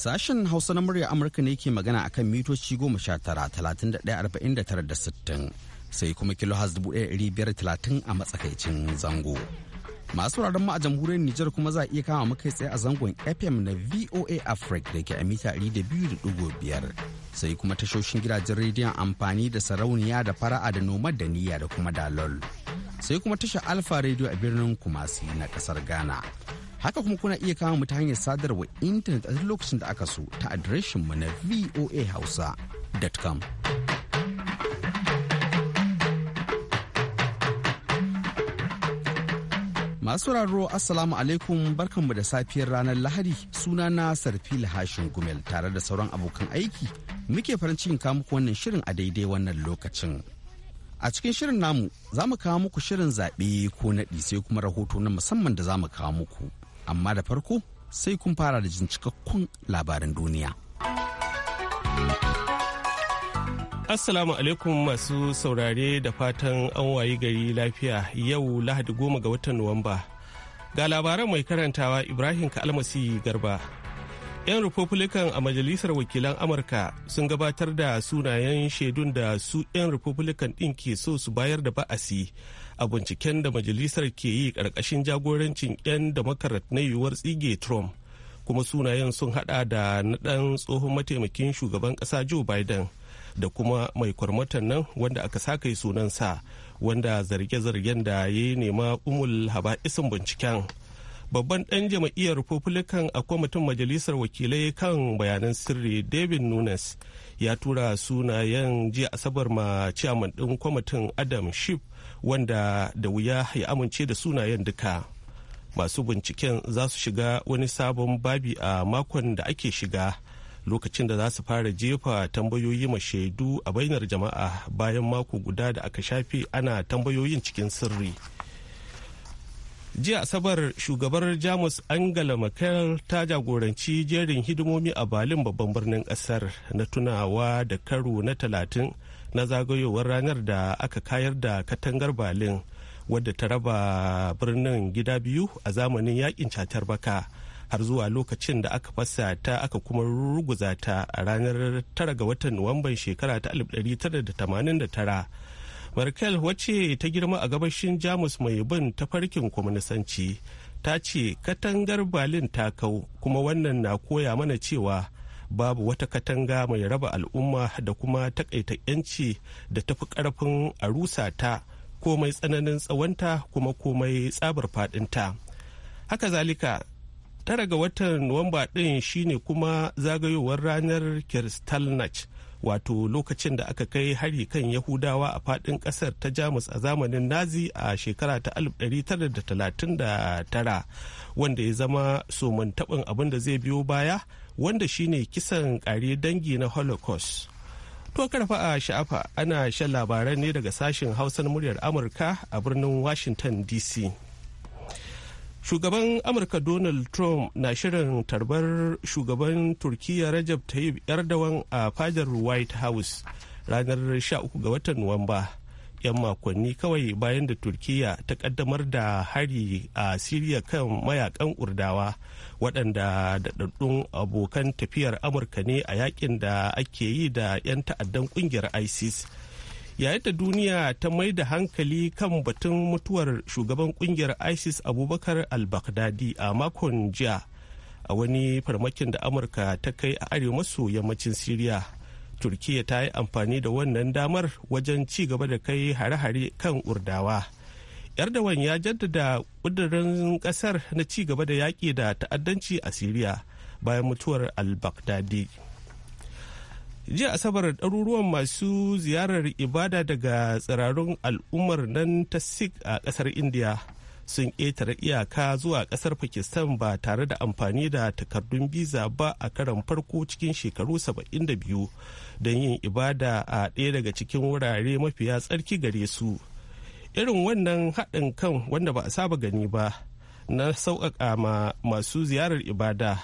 Sashen Hausa na murya Amurka ne ke magana akan mitoci goma sha tara talatin da ɗaya arba'in da tara da sittin sai kuma kilo has dubu ɗaya ɗari biyar talatin a matsakaicin zango. Masu wuraren ma a jamhuriyar Nijar kuma za a iya kama muka tsaye a zangon FM na VOA Africa da ke a mita ɗari da biyu da ɗigo biyar. Sai kuma tashoshin gidajen rediyon amfani da sarauniya da fara'a da nomad da niyya da kuma dalol. Sai kuma tashar Alfa Radio a birnin Kumasi na ƙasar Ghana. Haka kuma kuna iya kama mu ta hanyar sadarwa intanet a lokacin da aka so ta adireshin mu na voahausa.com. Masu raro Assalamu alaikum barkanmu da safiyar ranar Lahadi suna na Sarfi Hashin Gumel tare da sauran abokan aiki muke farin cikin muku wannan shirin a daidai wannan lokacin. A cikin shirin namu za mu kawo muku shirin zaɓe ko naɗi sai kuma rahoto na musamman da za mu kawo muku. amma da farko sai kun fara da jin cikakkun labaran duniya. Assalamu alaikum masu saurare da fatan an wayi gari lafiya yau lahadi goma ga watan Nuwamba. Ga labaran mai karantawa Ibrahim Kalmasi Garba. 'Yan Republican a Majalisar Wakilan Amurka sun gabatar da sunayen shaidun da su 'yan Republican ɗin ke so su bayar da ba'asi a binciken da majalisar ke yi ƙarƙashin jagorancin 'yan demokrat na yiwuwar tsige trump kuma sunayen sun hada da na ɗan tsohon mataimakin shugaban ƙasa joe biden da kuma mai kwarmatan nan wanda aka sa yi sunansa wanda zarge-zargen da ya yi nema umul haba'isin binciken babban ɗan jam'iyyar republican a kwamitin majalisar wakilai kan bayanan sirri david nunes ya tura sunayen jiya asabar ma ciyaman ɗin kwamitin adam shif wanda da wuya ya amince da sunayen duka masu binciken za su shiga wani sabon babi a makon da ake shiga lokacin da za su fara jefa tambayoyi ma shaidu a bainar jama'a bayan mako guda da aka shafe ana tambayoyin cikin sirri jiya asabar shugabar jamus angela merkel ta jagoranci jerin hidimomi a balin babban birnin kasar na tunawa da karo na talatin na zagayowar ranar da aka kayar da katangar berlin wadda ta raba birnin gida biyu a zamanin yakin catar baka har zuwa lokacin da aka fasa ta aka kuma ruguza ta a ranar tara ga watan nuwamban shekara ta 1989 merkel wacce ta girma a gabashin jamus mai bin tafarkin kwamnisanci ta ce katangar berlin ta kau kuma wannan na koya mana cewa babu wata katanga mai raba al'umma da kuma takaita 'yanci da tafi karfin a rusa ta komai tsananin tsawonta kuma komai tsabar fadinta haka zalika tara ga watan nuwamba ɗin shine kuma zagayowar ranar kristallnach wato lokacin da aka kai hari kan yahudawa a fadin kasar ta jamus a zamanin nazi a shekara ta 1939 wanda ya zama somantaɓin abin da zai biyo baya wanda shine kisan kare dangi na holocaust to karfa a sha'afa ana shan labaran ne daga sashen hausan muryar amurka a birnin washington dc shugaban amurka donald trump na shirin tarbar shugaban turkiyya rajab tayyip erdogan a fadar white house ranar 13 ga watan nuwamba 'yan makonni kawai bayan da turkiya ta kaddamar da hari a siriya kan mayakan urdawa waɗanda daɗaɗɗun abokan tafiyar amurka ne a yakin da ake yi da 'yan ta'addan ƙungiyar isis yayin da duniya ta mai da hankali kan batun mutuwar shugaban ƙungiyar isis abubakar al-baghdadi a makon jiya a wani farmakin da amurka ta kai a arewa maso yammacin siriya turkiya ta yi amfani da wannan damar wajen ci gaba da kai hare-hare kan urdawa erdogan ya jaddada ƙudurin ƙasar na ci gaba da yaƙi da ta'addanci a siriya bayan mutuwar al-baghdadi jiya asabar ɗaruruwan masu ziyarar ibada daga tsirarun al'ummar nan ta sikh a ƙasar indiya sun ƙetare iyaka zuwa ƙasar pakistan ba tare da amfani da takardun biza ba a karan farko cikin shekaru 72 don yin ibada a ɗaya daga cikin wurare mafiya tsarki gare su irin wannan haɗin kan wanda ba a saba gani ba na sauƙaƙa ma masu ziyarar ibada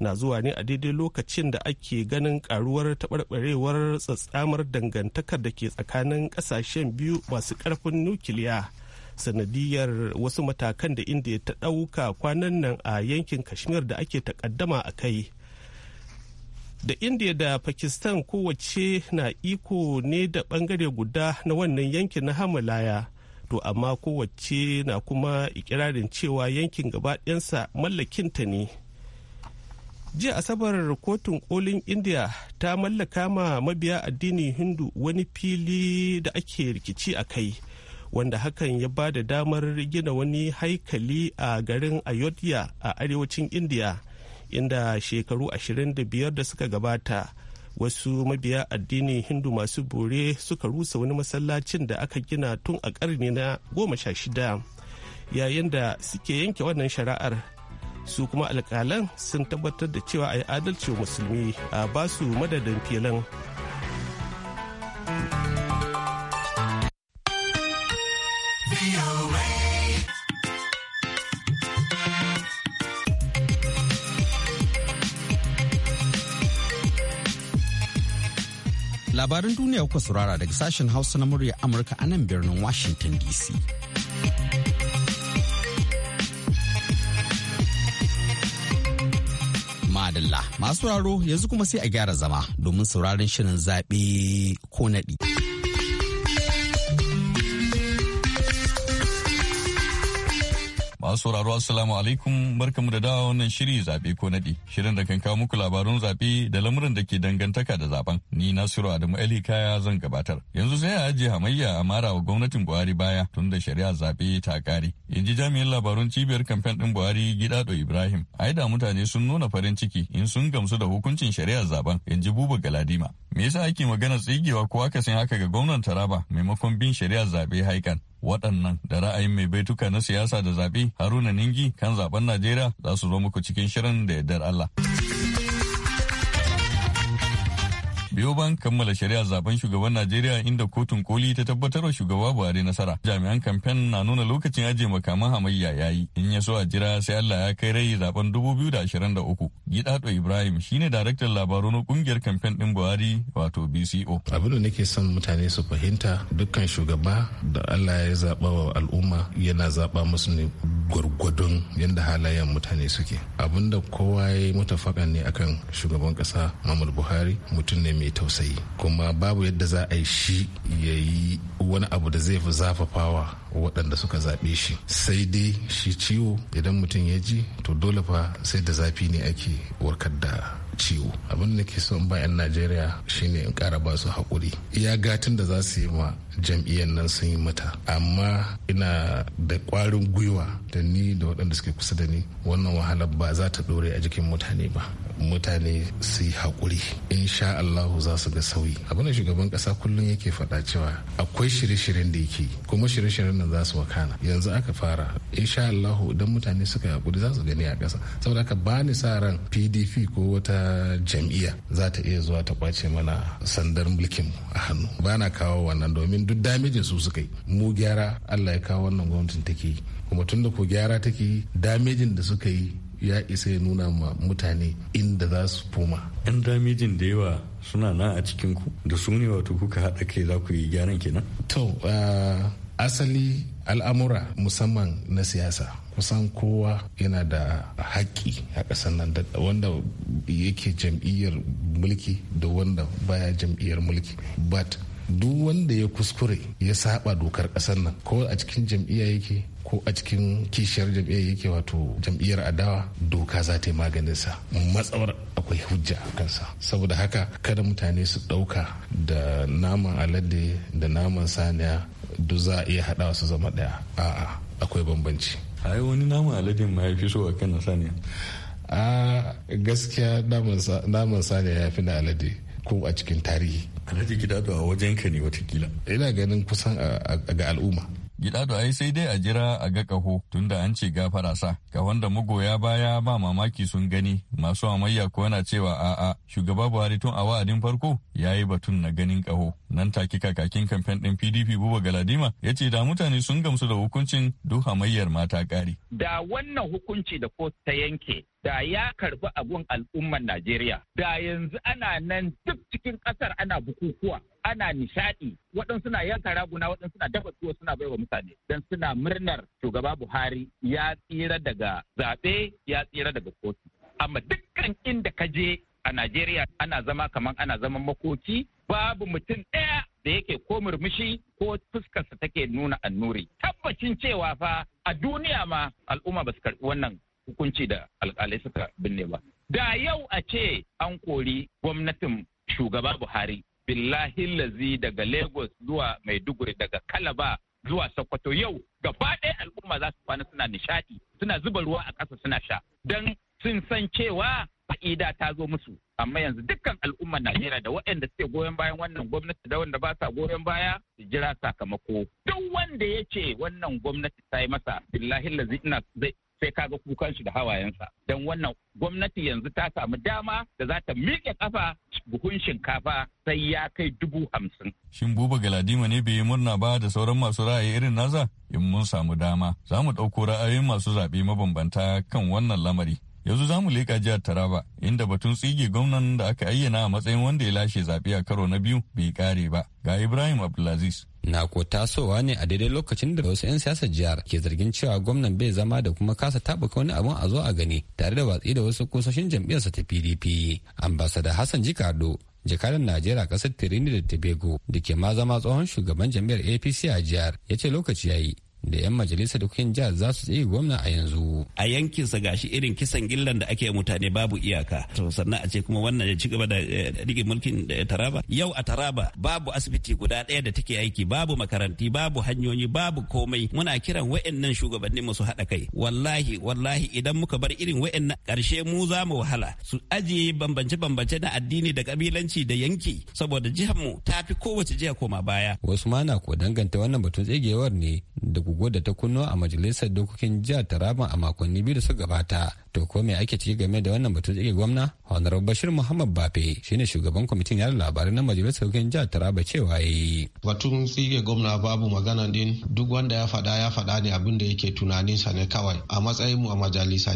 na zuwa ne a daidai lokacin da ake ganin karuwar taɓarɓarewar tsatsamar dangantakar da ke tsakanin ƙasashen biyu masu ƙarfin nukiliya sanadiyar wasu matakan da india ta ɗauka kwanan nan a yankin kashmir da ake takaddama a kai da india da pakistan kowace na iko ne da bangare guda na wannan yankin na hamalaya to amma kowace na kuma ikirarin cewa yankin gabaɗayansa mallakinta ne jiya asabar kotun kolin india ta mallaka ma mabiya addinin hindu wani fili da ake rikici a kai wanda hakan ya ba da damar gina wani haikali a garin ayodhya a arewacin indiya inda shekaru 25 da suka gabata wasu mabiya addini hindu masu bore suka rusa wani masallacin da aka gina tun a karni na goma sha shida yayin da suke yanke wannan shari'ar su kuma alkalan sun tabbatar da cewa a yi adalci musulmi a basu madadin filin. labaran duniya kuka saurara daga sashen hausa na murya amurka a nan birnin washington dc madalla masu sauraro yanzu kuma sai a gyara zama domin sauraron shirin zaɓe ko naɗi. Masu sauraro Assalamu alaikum barkamu da dawa wannan shiri zaɓe ko naɗi. Shirin da kan kawo muku labarun zaɓe da lamurin da ke dangantaka da zaben. Ni Nasiru Adamu Ali Kaya zan gabatar. Yanzu sai a ajiye hamayya a mara wa gwamnatin Buhari baya tun da shari'a zaɓe ta kare In ji jami'in labarun cibiyar kamfen ɗin Buhari Gidado Ibrahim. Ai da mutane sun nuna farin ciki in sun gamsu da hukuncin shari'ar zaben in ji Buba Galadima. Me yasa ake magana tsigewa ko aka san haka ga gwamnan Taraba maimakon bin shari'ar zaɓe haikan? waɗannan da ra'ayin mai baituka na siyasa da zaɓe haruna ningi kan zaben najeriya za su zo muku cikin shirin da yardar allah biyo ban kammala shari'a zaben shugaban najeriya inda kotun koli ta tabbatarwa shugaba buhari nasara jami'an kamfen na nuna lokacin ajiye makaman hamayya ya yi in ya so a jira sai allah ya kai rai zaben uku gidado ibrahim shine daraktan labaru na kungiyar kamfen din buhari wato bco abin da nake son mutane su fahimta dukkan shugaba da allah ya zaba wa al'umma yana zaba musu ne gwargwadon yadda halayen mutane suke abinda kowa ya yi faɗa ne akan shugaban ƙasa muhammadu buhari mutum ne mai tausayi kuma babu yadda za a yi shi ya yi wani abu da zai fi zafafawa waɗanda suka zaɓe shi sai dai shi ciwo idan mutum ya ji to dole fa sai da zafi ne ake warkar da ciwo abin da ke son bayan najeriya shine in ƙara ba su haƙuri iya gatin da za su yi ma jam'iyyar nan sun yi mata amma ina da ƙwarin gwiwa da ni da waɗanda suke kusa da ni wannan wahalar ba za ta ɗore a jikin mutane ba mutane su yi haƙuri insha Allah za su ga sauyi abin da shugaban ƙasa kullum yake faɗa cewa akwai shirye-shiryen da yake kuma shirye-shiryen wannan za su wakana yanzu aka fara insha Allah idan mutane suka hakuri za su gani a ƙasa saboda haka bani sa ran PDP ko wata jam'iyya za ta iya zuwa ta kwace mana sandar mulkin a hannu ba na kawo wannan domin duk damejin su suka yi mu gyara Allah ya kawo wannan gwamnatin take yi kuma tun da ko gyara take yi damejin da suka yi ya isa ya nuna ma mutane inda za su koma. Yan damijin da yawa suna nan a cikin ku da su ne wato kuka haɗa kai za ku yi gyaran kenan? To, ah, asali al'amura musamman na siyasa kusan kowa yana da haƙƙi a ƙasar nan wanda yake jam'iyyar mulki da wanda baya jam'iyyar mulki but duk wanda ya kuskure ya saba dokar ƙasar nan ko a cikin jam'iyya yake ko a cikin kishiyar jam'iyyar yake wato jam'iyyar adawa doka za ta yi maganinsa matsawar akwai hujja a kansa saboda haka kada mutane su ɗauka da naman alade da naman saniya duk za a iya haɗa su zama ɗaya a'a akwai bambanci ai wani naman aladin ma ya fi so a kan saniya a gaskiya naman saniya ya fi na alade ko a cikin tarihi alade gida da wajen ka ne watakila ina ganin kusan ga al'umma Gida da ai sai dai a jira a ga ƙaho tunda an ce gafara sa. ga wanda magoya baya ba mamaki sun gani masu amayya ko yana cewa a'a shugaba Buhari tun a wa'adin farko ya yi batun na ganin ƙaho. Nan take kakakin kamfen ɗin PDP Buba Galadima ya ce da mutane sun gamsu da hukuncin duk hamayyar mata ƙari. Da wannan hukunci da ko ta yanke da ya karbi abun al'umman Najeriya. Da yanzu ana nan duk cikin ƙasar ana bukukuwa, ana nishaɗi, waɗansu na yanka raguna, waɗansu na dafa tuwo suna baiwa mutane. Dan suna murnar shugaba Buhari ya tsira daga zaɓe, ya tsira daga kotu. Amma dukkan inda ka je a Najeriya ana zama kamar ana zaman makoki, babu mutum ɗaya da yake ko murmushi ko fuskarsa take nuna annuri. Tabbacin cewa fa a duniya ma al'umma ba su karɓi wannan hukunci da alkalai suka binne ba. Da yau a ce an kori gwamnatin shugaba Buhari, billahi lazi daga Lagos zuwa Maiduguri daga Kalaba zuwa Sokoto yau gaba ɗaya al'umma za su kwana suna nishaɗi, suna zuba ruwa a ƙasa suna sha. Don sun san cewa fa'ida ta zo musu amma yanzu dukkan al'ummar Najeriya da waɗanda suke goyon bayan wannan gwamnati da wanda ba sa goyon baya su jira sakamako duk wanda ya ce wannan gwamnati ta yi masa billahi lazi ina zai sai kaga kukan shi da hawayensa don wannan gwamnati yanzu ta samu dama da za ta miƙe kafa buhun shinkafa sai ya kai dubu hamsin. Shin buba galadima ne bai yi murna ba da sauran masu ra'ayi irin nasa? In mun samu dama, za mu ɗauko ra'ayoyin masu zaɓe mabambanta kan wannan lamari. yanzu za mu leƙa jihar Taraba inda batun tsige gwamnan da aka ayyana a matsayin wanda ya lashe zaɓe a karo na biyu bai ƙare ba ga Ibrahim Abdulaziz. na ko tasowa ne a daidai lokacin da wasu 'yan siyasar jihar ke zargin cewa gwamnan bai zama da kuma kasa tabuka wani abun a zo a gani tare da watsi da wasu kusoshin jam'iyyarsa ta pdp ambasada hassan jikado jakadan najeriya kasar Tirini da tobago da ke ma zama tsohon shugaban jam'iyyar apc a jihar ya ce lokaci ya yi da 'yan majalisar dokokin jihar za su tsaye gwamna a yanzu. A yankinsa gashi irin kisan gillan da ake mutane babu iyaka. Sannan a ce kuma wannan ya ci gaba da eh, rigi mulkin eh, Taraba. Yau a Taraba babu asibiti guda ɗaya da take aiki, babu makaranti, babu hanyoyi, babu komai. Muna kiran wa'annan shugabannin mu su haɗa kai. Wallahi, wallahi idan muka bar irin wa'annan ƙarshe mu za mu wahala. Su ajiye bambance-bambance na addini da ƙabilanci da yanki saboda jihar mu ta fi kowace jiha koma baya. Wasu na ko danganta wannan batun tsegewar ne da guguwar da ta kunno a majalisar dokokin jihar taraba a makonni biyu da suka gabata to ko me ake ciki game da wannan batun tsige gwamna honorable bashir muhammad bafe shine shugaban kwamitin yada labarai na majalisar sauƙin jihar taraba cewa ya yi batun tsige gwamna babu magana din duk wanda ya faɗa ya faɗa ne abin da yake tunanin sa ne kawai a matsayin mu a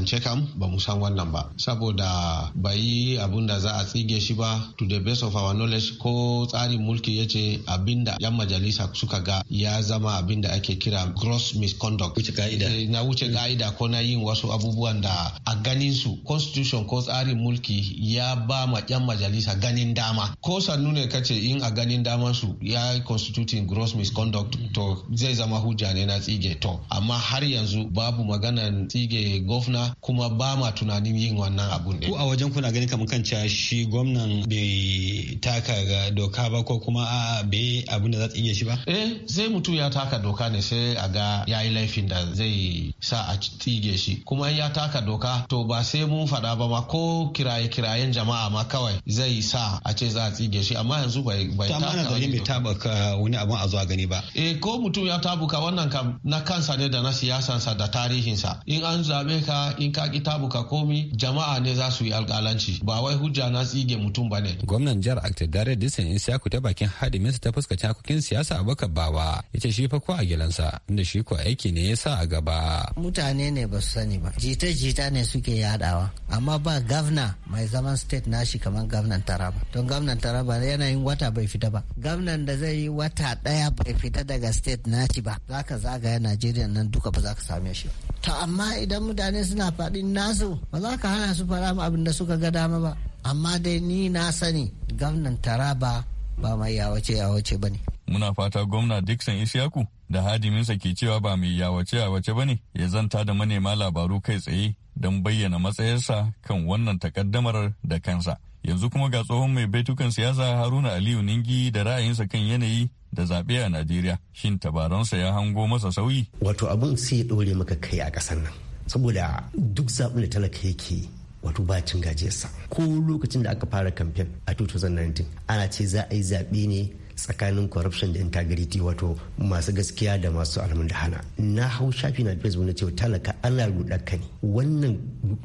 ce kam ba mu san wannan ba saboda bai yi abin da za a tsige shi ba to the best of our knowledge ko tsarin mulki ya ce abin da yan majalisa suka ga ya zama abin da ake kira gross misconduct eh, na wuce ka'ida ko na yin wasu abubuwan da a ganin su constitution ko tsarin mulki ya ba ma yan majalisa ganin dama ko sannu ne kace in a ganin daman su ya constituting gross misconduct to zai zama hujja ne na tsige to amma har yanzu babu maganan tsige gofna kuma ba ma tunanin yin wannan abun ko a wajen kuna gani kamar kan shi gwamnan bai taka ga doka ba ko kuma a bai abin da za tsige shi ba eh sai mutum ya taka doka ne sai a ga yayi laifin da zai sa a tsige shi kuma ya taka doka to ba sai mun fada ba ma ko kiraye-kirayen jama'a ma kawai zai sa a ce za a tsige shi amma yanzu bai bai ta amma gani bai wani abin a zuwa gani ba eh ko mutum ya tabuka wannan kam na kansa ne da na siyasansa da tarihinsa in an zabe ka in ka ki tabuka komi jama'a ne za su yi alƙalanci ba wai hujja na tsige mutum ba ne gwamnan jihar Aktadare Disan ku ta bakin hadiminsa ta fuskacin hakokin siyasa Abubakar wa yace shi fa ko a gilansa inda shi ko aiki ne ya a gaba mutane ne ba su sani ba jita-jita ne ne suke yadawa amma ba gavna mai zaman state nashi kamar gavnan taraba don gavnan taraba yanayin wata bai fita ba gavnan da zai yi wata daya bai fita daga state nashi ba za ka zagaya nigeria nan duka ba za ka same shi to amma idan mutane suna faɗin nasu ba za ka hana su faɗa ma abin da suka ga dama ba amma dai ni na sani gavnan taraba ba mai yawace yawace ba ne. Muna fata gwamna Dixon ishaku da hadiminsa ke cewa ba mai yawace yawace ba ne ya zanta da manema labaru kai tsaye don bayyana matsayarsa kan wannan takaddamar da kansa. Yanzu kuma ga tsohon mai baitukan siyasa Haruna Aliyu Ningi da ra'ayinsa kan yanayi da zaɓe a Najeriya. Shin tabaransa ya hango masa sauyi? Wato abin sai ya ɗore maka kai a ƙasar nan. Saboda duk zaɓin da talaka yake wato ba cin gajiyarsa. Ko lokacin da aka fara kamfen a 2019 ana ce za a yi zaɓe ne tsakanin corruption da integrity wato masu gaskiya da masu da hana na hau shafi na facebook na cewa talaka ana ka ne wannan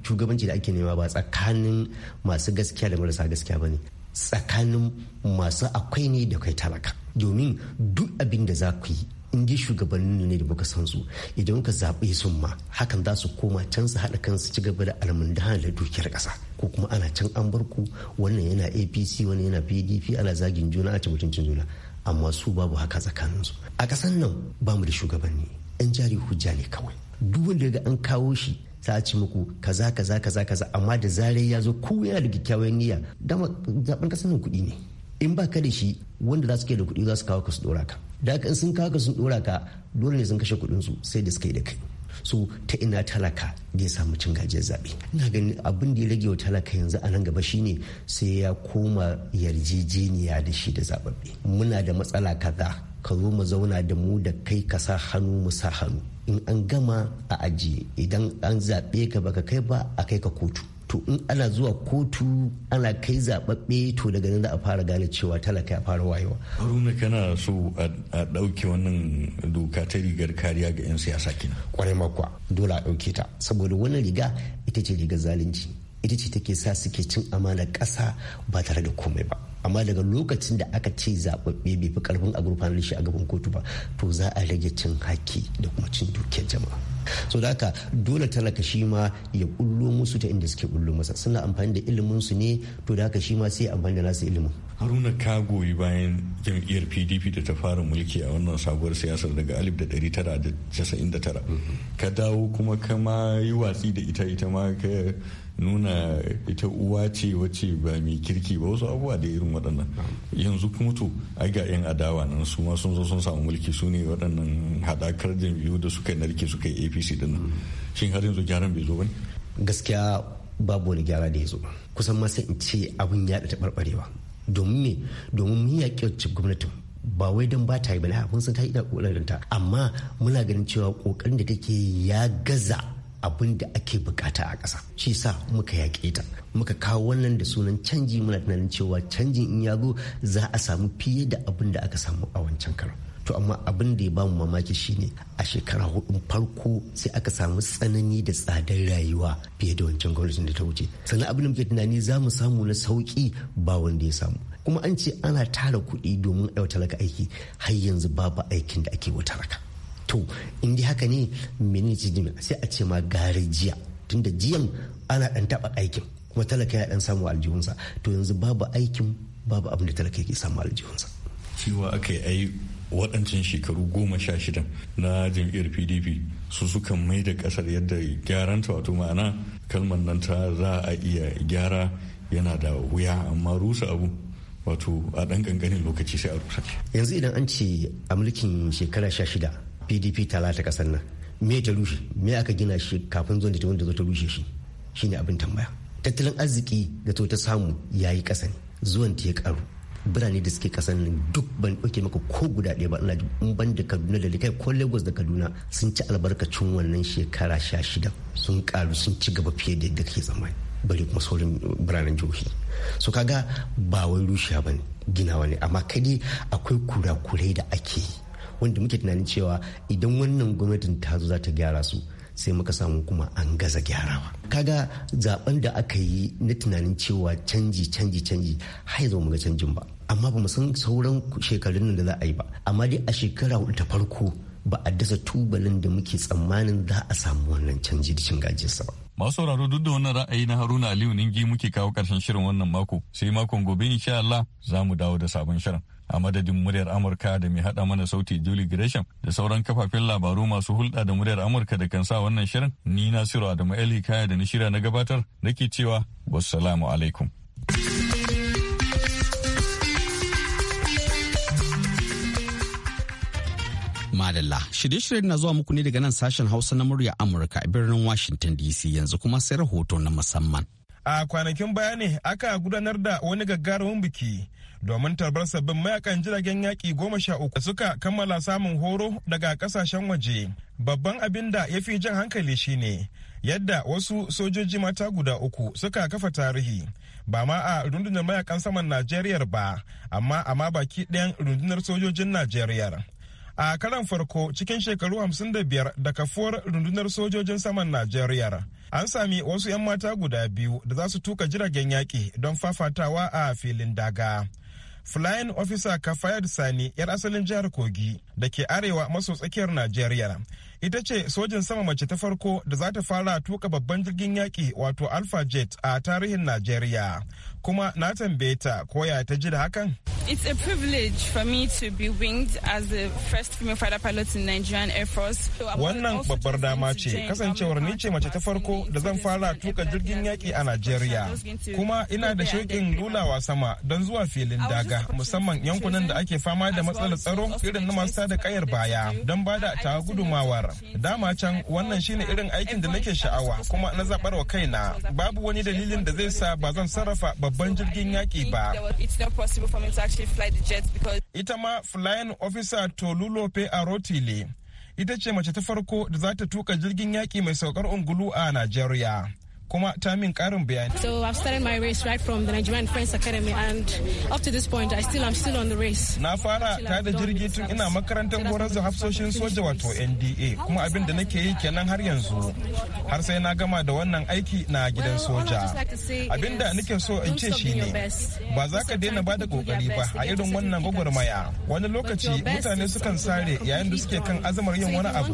shugabanci da ake nema ba tsakanin masu gaskiya da marasa gaskiya ba ne tsakanin masu akwai ne da kai talaka domin duk abin da za ku yi in ji shugabannin ne da muka san su idan ka zaɓe su ma hakan za su koma can su haɗa kansu ci gaba da almundahan da dukiyar ƙasa ko kuma ana can an bar ku wannan yana apc wannan yana pdp ana zagin juna a mutuncin juna amma su babu haka tsakanin su a ƙasan nan ba mu da shugabanni yan jari hujja ne kawai duk wanda ga an kawo shi ta ci muku kaza kaza kaza kaza amma da zare ya zo ko yana da kyakkyawan niyya dama zaɓen ƙasar nan kuɗi ne in ba ka da shi wanda za su ke da kuɗi za su kawo ka su ɗora ka da aka sun kaka sun dora ka dole ne sun kashe kuɗin su sai da suka yi da kai so ta ina talaka da ya samu cin gajiyar zaɓe ina ganin abin da ya rage wa talaka yanzu a nan gaba shine sai ya koma yarjejeniya da shi da zaɓaɓɓe muna da matsala kaza ka zo mu zauna da mu da kai ka sa hannu mu sa hannu in an gama a ajiye idan an zaɓe ka baka kai ba a kai ka kotu to in ana zuwa kotu ana kai zaɓaɓɓe to daga nan za a fara gane cewa talaka ya fara wayewa haruna kana so a ɗauke wannan doka ta rigar kariya ga 'yan siyasa kina kwarai makwa dole a ɗauke ta saboda wannan riga ita ce rigar zalunci ita ce take sa suke cin amana ƙasa ba tare da komai ba amma daga lokacin da aka ce zaɓaɓɓe bai fi ƙarfin a gurfanar shi a gaban kotu ba to za a rage cin haƙƙi da kuma cin dukiyar jama'a so da haka dole talaka shi ma ya ɓullo musu ta inda suke bullo masa suna amfani da ilimin su ne to da haka shi ma sai amfani da nasu ilimin haruna ka goyi bayan jam'iyyar pdp da ta fara mulki a wannan sabuwar siyasar daga 1999 ka dawo kuma kama yi watsi da ita ita ma ka nuna ita uwa ce wace ba mai kirki ba wasu abubuwa da irin waɗannan yanzu kuma to ai ga 'yan adawa nan su ma sun zo sun samu mulki su ne waɗannan haɗakar jam'iyyu da suka narke suka yi apc din nan shin har yanzu gyaran bai zo ba ne gaskiya babu wani gyara da ya zo kusan ma in ce abun ya da taɓarɓarewa domin me domin mun yaƙi gwamnatin ba wai don ba ta yi bala mun san ta yi da ƙoƙarinta amma muna ganin cewa ƙoƙarin da take ya gaza abin da ake bukata a ƙasa shi sa muka yaƙe ta muka kawo wannan da sunan canji muna tunanin cewa canjin in ya za a samu fiye da abin da aka samu a wancan karo to amma abin da ya ba mu mamaki shine a shekara hudun farko sai aka samu tsanani da tsadar rayuwa fiye da wancan gwamnatin da ta wuce sannan abin da muke tunani za mu samu na sauki ba wanda ya samu kuma an ce ana tara kuɗi domin a talaka aiki har yanzu babu aikin da ake wata raka. to in dai haka ne mene ce jimi sai a ce ma gare jiya tunda jiyan ana ɗan taɓa aikin kuma talaka ya ɗan samu aljihunsa to yanzu babu aikin babu abin da talaka yake samu aljihunsa cewa aka yi waɗancan shekaru goma sha shida na jam'iyyar pdp su suka mai da ƙasar yadda gyaranta wato ma'ana kalmar nan ta za a iya gyara yana da wuya amma rusa abu wato a ɗan ƙanƙanin lokaci sai a rusa yanzu idan an ce a mulkin shekara sha shida pdp ta lata ƙasar nan me ta rushe me aka gina shi kafin zuwan da zo ta rushe shi shine abin tambaya tattalin arziki da to ta samu yayi ƙasa ne zuwan ta ya ƙaru. birane da suke kasan duk ban ɗauke maka ko guda ɗaya ba ina ban da kaduna da likai ko lagos da kaduna sun ci albarkacin wannan shekara sha shida sun karu sun ci gaba fiye da yadda kake tsammani bari kuma saurin biranen jihohi so kaga ba wai rushiya ba ne ginawa ne amma kadi akwai kurakurai da ake yi wanda muke tunanin cewa idan wannan gwamnatin ta zo za ta gyara su sai muka samu kuma an gaza gyarawa kaga zaben da aka yi na tunanin cewa canji canji canji har muga mu ga canjin ba amma ba mu san sauran shekarun nan da za a yi ba amma dai a shekara hudu ta farko ba a dasa tubalin da muke tsammanin za a samu wannan canji da cin gajiyarsa ba. Masu sauraro duk da wannan ra'ayi na Haruna Aliyu Ningi muke kawo karshen shirin wannan mako sai makon gobe insha Allah za mu dawo da sabon shirin. A madadin muryar Amurka da mai haɗa mana sauti Julie Gresham da sauran kafafen labaru masu hulɗa da muryar Amurka da kan sa wannan shirin ni Nasiru Adamu Eli Kaya da na shirya na gabatar nake cewa wassalamu alaikum. Madalla, shirye-shiryen na zuwa muku ne daga nan sashen Hausa na murya Amurka a birnin Washington DC yanzu kuma sai rahoto na musamman. A kwanakin baya ne aka gudanar da wani gaggarumin biki domin tarbar sabbin mayakan jiragen yaƙi goma sha uku suka kammala samun horo daga ƙasashen waje. Babban abin da ya fi jan hankali shine yadda wasu sojoji mata guda uku suka kafa tarihi ba ma a rundunar mayakan saman Najeriya ba amma a ma baki ɗayan rundunar sojojin Najeriya. a karan farko cikin shekaru 55 da kafuwar rundunar sojojin saman najeriya an sami wasu 'yan mata guda biyu da za su tuka jiragen yaƙi don fafatawa a filin daga Flying Officer kafayad Sani, 'yar asalin jihar Kogi da ke arewa maso tsakiyar Najeriya. Ita ce sojin sama mace ta farko da za ta fara tuka babban jirgin yaƙi wato Alpha Jet a tarihin Najeriya. Kuma na tambaye ta koya ta ji da hakan? It's a privilege for me to be winged as the first female fighter pilot in Nigerian Air Force. Wannan babbar dama ce kasancewar ni ce mace ta farko da zan fara tuka jirgin yaƙi a Najeriya. Kuma ina da shekin lulawa sama don zuwa filin daga. musamman yankunan da ake fama da matsalar tsaro irin na masu da kayar baya don ba da ta gudumawar. Dama can wannan shine irin aikin da nake sha'awa kuma na zabar wa kaina. Babu wani dalilin da zai sa ba zan sarrafa babban jirgin yaƙi ba. Ita ma Flying Officer Tolulope Arotile ita ce mace ta farko da za ta tuka jirgin yaki mai saukar ungulu a nigeria. kuma ta min karin bayani. So I've started my race right from the Nigerian Friends Academy and up to this point I still am still on the race. Na fara ta da jirgi tun ina makarantar horar da hafsoshin soja wato NDA kuma abin da nake yi kenan har yanzu har sai na gama da wannan aiki na gidan soja. Abin da nake so in ce shine ba za ka daina ba da kokari ba a irin wannan gwagwarmaya. Wani lokaci mutane sukan sare yayin da suke kan azamar yin wani abu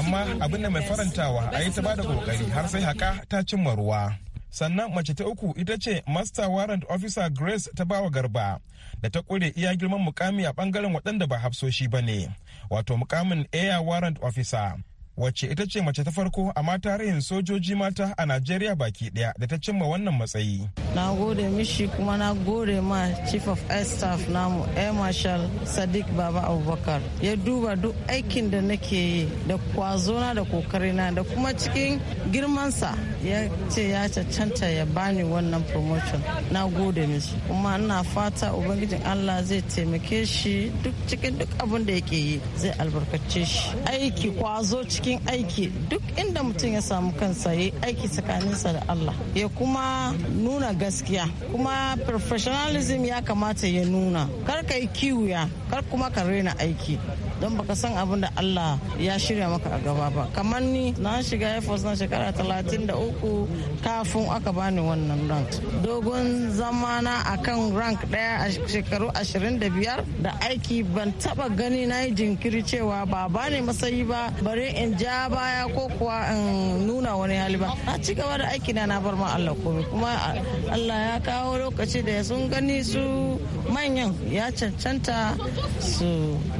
amma abin da mai farantawa a ta ba da kokari har sai haka ta cimma ruwa sannan mace ta uku ita ce master warrant officer grace ta bawa garba da ta kure iya girman mukami a bangaren waɗanda ba hafsoshi ba ne wato mukamin air warrant officer wacce ita ce mace ta farko a mata rayin sojoji mata a Najeriya baki daya da ta cimma wannan matsayi. Na gode mishi kuma na gode ma Chief of Air Staff namu Air Marshal Sadiq Baba Abubakar. Ya duba duk aikin da nake yi da kwazona da kokarina da kuma cikin girmansa ya ce ya cancanta ya bani wannan promotion. Na gode mishi kuma ina fata Ubangijin Allah zai taimake shi duk cikin duk abin da yake yi zai albarkace shi. Aiki kwazo cikin cikin aiki duk inda mutum ya samu kansa ya aiki tsakaninsa da Allah ya kuma nuna gaskiya kuma professionalism ya kamata ya nuna kar ka yi kiwuya kar kuma ka rena aiki don baka san abin da Allah ya shirya maka a gaba ba kamar ni na shiga Air Force na shekara 33 kafin aka bani wannan rank dogon zamana a kan rank daya a shekaru 25 da aiki ban taba gani na yi jinkiri cewa ba bani ne masayi ba bari in ja baya ko kuwa in nuna wani hali ba na ci gaba da aiki na na bar ma Allah komai kuma Allah ya kawo lokaci da sun gani su manyan ya cancanta su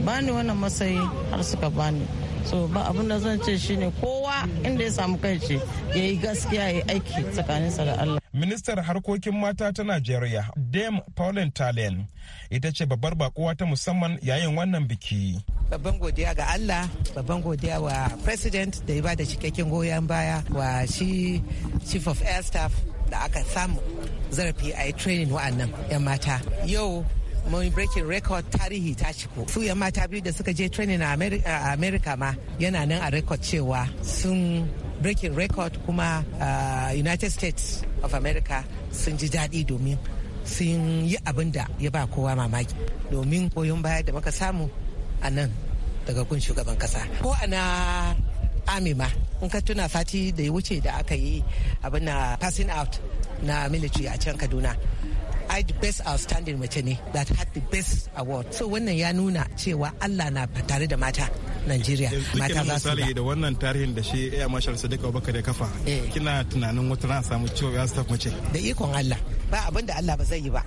bani wannan masai har suka bani so ba abin da zan ce shine kowa inda ya samu kai shi ya yi gaskiya ya aiki tsakanin sa da Allah. Ministar harkokin mata ta Najeriya, Dame Pauline Talen, ita ce babbar bakuwa ta musamman yayin wannan biki. Babban godiya ga Allah, babban godiya wa President da ya ba da cikakken goyon baya wa shi Chief of Air Staff da aka samu zarafi a yi training wa'annan 'yan mata. Yau mun breaking record tarihi ta ciko su yan mata biyu da suka je training a america ma yana nan a record cewa sun breaking record kuma united states of america sun ji daɗi domin sun yi abin da ya ba kowa mamaki domin koyon baya da muka samu a nan daga kun shugaban kasa ko ana amima in ka tuna fati da ya wuce da aka yi abin na passing out na military a can kaduna I the best outstanding mace ne that had the best award. So wannan ya nuna cewa Allah na tare da mata Najeriya eh, mata za su da wannan tarihin da shi Air Marshal Sadiq Abubakar ya kafa. Eh. Kina tunanin wata rana samu cewa ya staff mace. Da ikon Allah ba abin da Allah ba zai yi ba.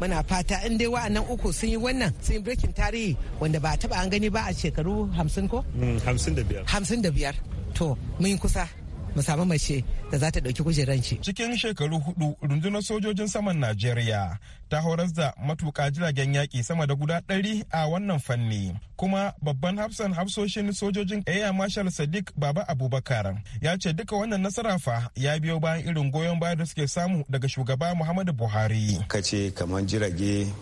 Muna fata in dai wa'annan uku sun yi wannan sun yi breaking tarihi wanda ba taba an gani ba a shekaru hamsin ko? Mm, hamsin da biyar. Hamsin da biyar. To mun kusa mu samu mace da za ta ɗauki kujeran ce. Cikin shekaru hudu rundunar sojojin saman Najeriya ta horas da matuƙa jiragen yaƙi sama da guda ɗari a wannan fanni. Kuma babban hafsan hafsoshin sojojin Air Marshal Sadiq Baba Abubakar ya ce duka wannan nasara fa ya biyo bayan irin goyon baya da suke samu daga shugaba Muhammadu Buhari. Kace kamar jirage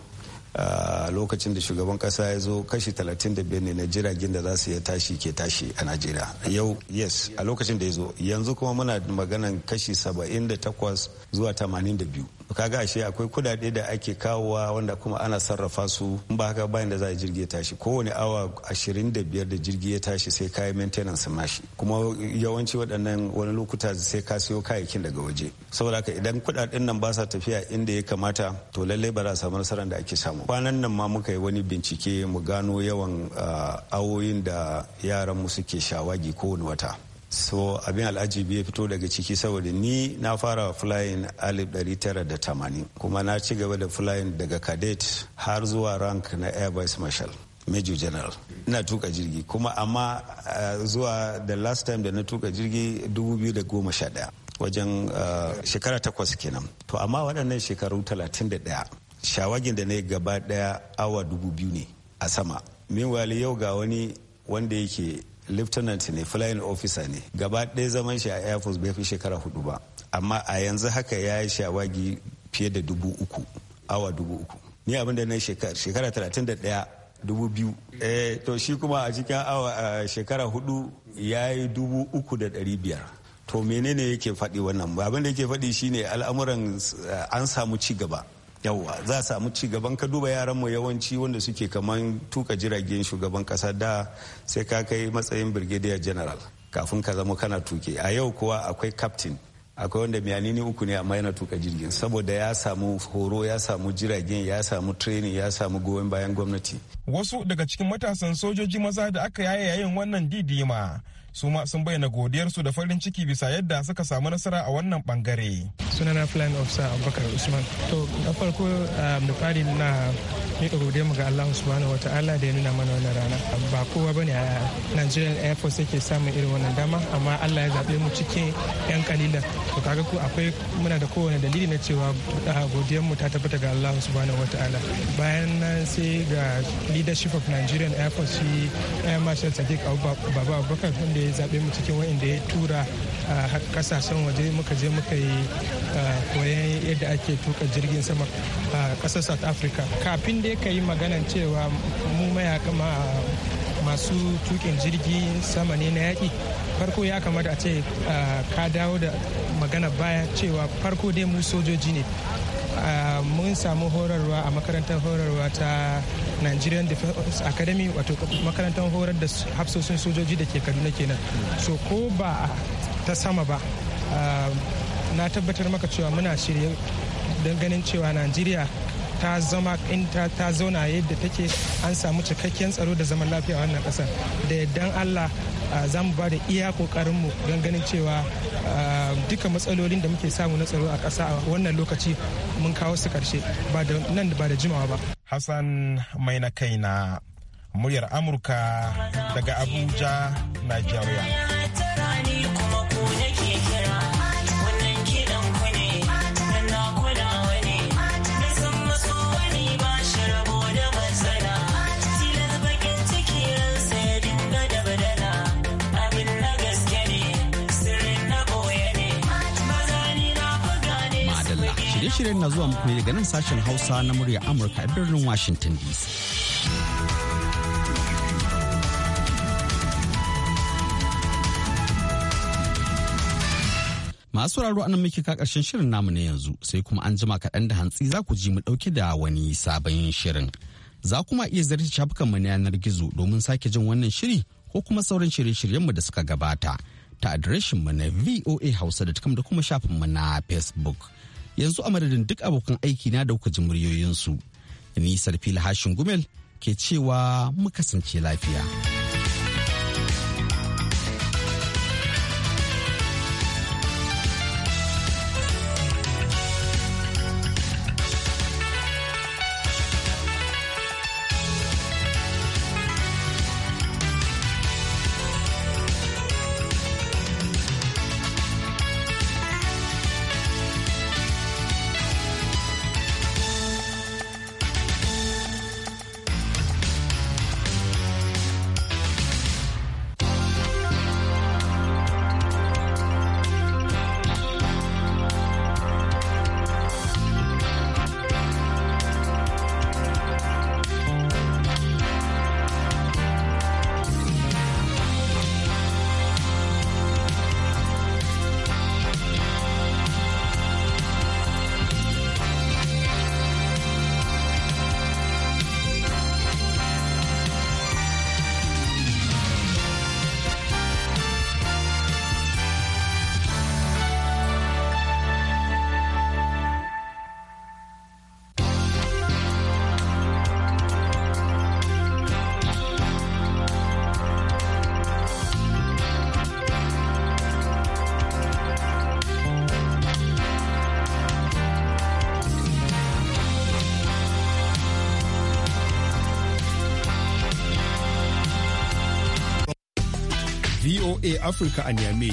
lokacin da shugaban kasa ya zo kashi 35 ne na jiragen da za su iya tashi ke tashi a najeriya yau yes a lokacin da ya zo yanzu kuma muna maganan kashi 78 zuwa 82 ga ashe akwai kudade da ake kawowa wanda kuma ana sarrafa su in ba haka bayan da za a jirgi ya tashi kowane awa ashirin da biyar da jirgi ya tashi sai kayi maintenance nashi kuma yawanci waɗannan wani lokuta sai ka siyo kayayyakin daga waje saboda haka idan kudaden nan ba sa tafiya inda ya kamata to lallai ba za a samu nasarar da ake samu kwanan nan ma muka yi wani bincike mu gano yawan ah, awoyin da yaran mu suke shawagi kowane wata so abin al'aji ya fito daga ciki saboda ni na fara flying alif 980 kuma na ci gaba da flying daga cadet har zuwa rank na air vice marshal major general ina tuka jirgi kuma amma eh, zuwa the last time da na tuka jirgi 2011 wajen uh, shekara takwas kenan to amma waɗannan shekaru 31 shawagin da na yi gaba ɗaya awa dubu biyu ne a sama meanwhile yau ga wani wanda yake lieutenant ne flying officer ne gaba ɗaya zaman shi a air force bai fi shekara hudu ba amma a yanzu haka ya yi shawagi fiye da dubu uku awa dubu uku ni abinda na shekara shekara talatin da ɗaya dubu biyu eh to shi kuma a cikin awa shekara hudu ya yi dubu uku da ɗari biyar to menene yake faɗi wannan abin da yake faɗi shine al'amuran eh, an samu ci gaba yawwa za a samu ci gaban ka duba yaran mu yawanci wanda suke kaman tuka jiragen shugaban kasa da sai ka kai matsayin brigadier general kafin ka zama kana tuke a yau kuwa akwai captain akwai wanda ne uku ne amma yana tuka jirgin saboda ya samu horo ya samu jiragen ya samu training ya samu goyon bayan gwamnati wasu daga cikin matasan sojoji maza da aka yaye yayin wannan didima su ma sun bayyana godiyarsu da farin ciki bisa yadda suka samu nasara a wannan bangare. sunana flying officer abubakar usman to na farko um, da fari na miƙa godiya ga allah subhanahu wa ta'ala da ya nuna mana wannan rana ba kowa bane a nigerian air force yake samun irin wannan dama amma allah ya zaɓe mu cikin yan kalila to kaga ku akwai muna da kowane dalili na cewa ah, godiyar mu ta tabbata ga allah subhanahu wa ta'ala bayan nan sai ga leadership of nigerian air force shi air marshal sadiq abubakar wanda ya zaɓe mu cikin wa'inda ya tura a kasashen waje muka je muka yi koyan yadda ake tuka jirgin sama a ƙasar south africa kafin da ka yi maganan cewa mu mayaka masu tukin jirgin sama ne na yaƙi farko ya kamata a ce ka dawo da magana baya cewa farko dai mu sojoji ne mun samu horarwa a makarantar horarwa ta nigerian defense academy wato makarantar horar da hafsoshin sojoji da ke kaduna kenan so ko ba ta sama ba na tabbatar maka cewa muna shirye don ganin cewa najeriya ta zama in ta zauna yadda take an samu cikakken tsaro da zaman lafiya a wannan kasar da yardan allah za mu ba da iya mu don ganin cewa duka matsalolin da muke samu na tsaro a ƙasa a wannan lokaci mun kawo su karshe ba da nan ba da jimawa ba hassan mai na kaina muryar amurka daga abuja nigeria shirye-shiryen na zuwa muku daga nan sashen Hausa na murya Amurka a birnin Washington DC. Masu raro anan muke ka karshen shirin namu na yanzu sai kuma an jima kaɗan da hantsi za ku ji mu ɗauke da wani sabon shirin. Za kuma iya zarta shafukanmu na yanar gizo domin sake jin wannan shiri ko kuma sauran shirye-shiryenmu da suka gabata. ta adireshinmu na voa hausa da kuma shafin mu na facebook yanzu a madadin duk abokan aiki na da kuka ji muryoyinsu ni sarfila hashin gumel ke cewa muka kasance lafiya. voa africa a niamey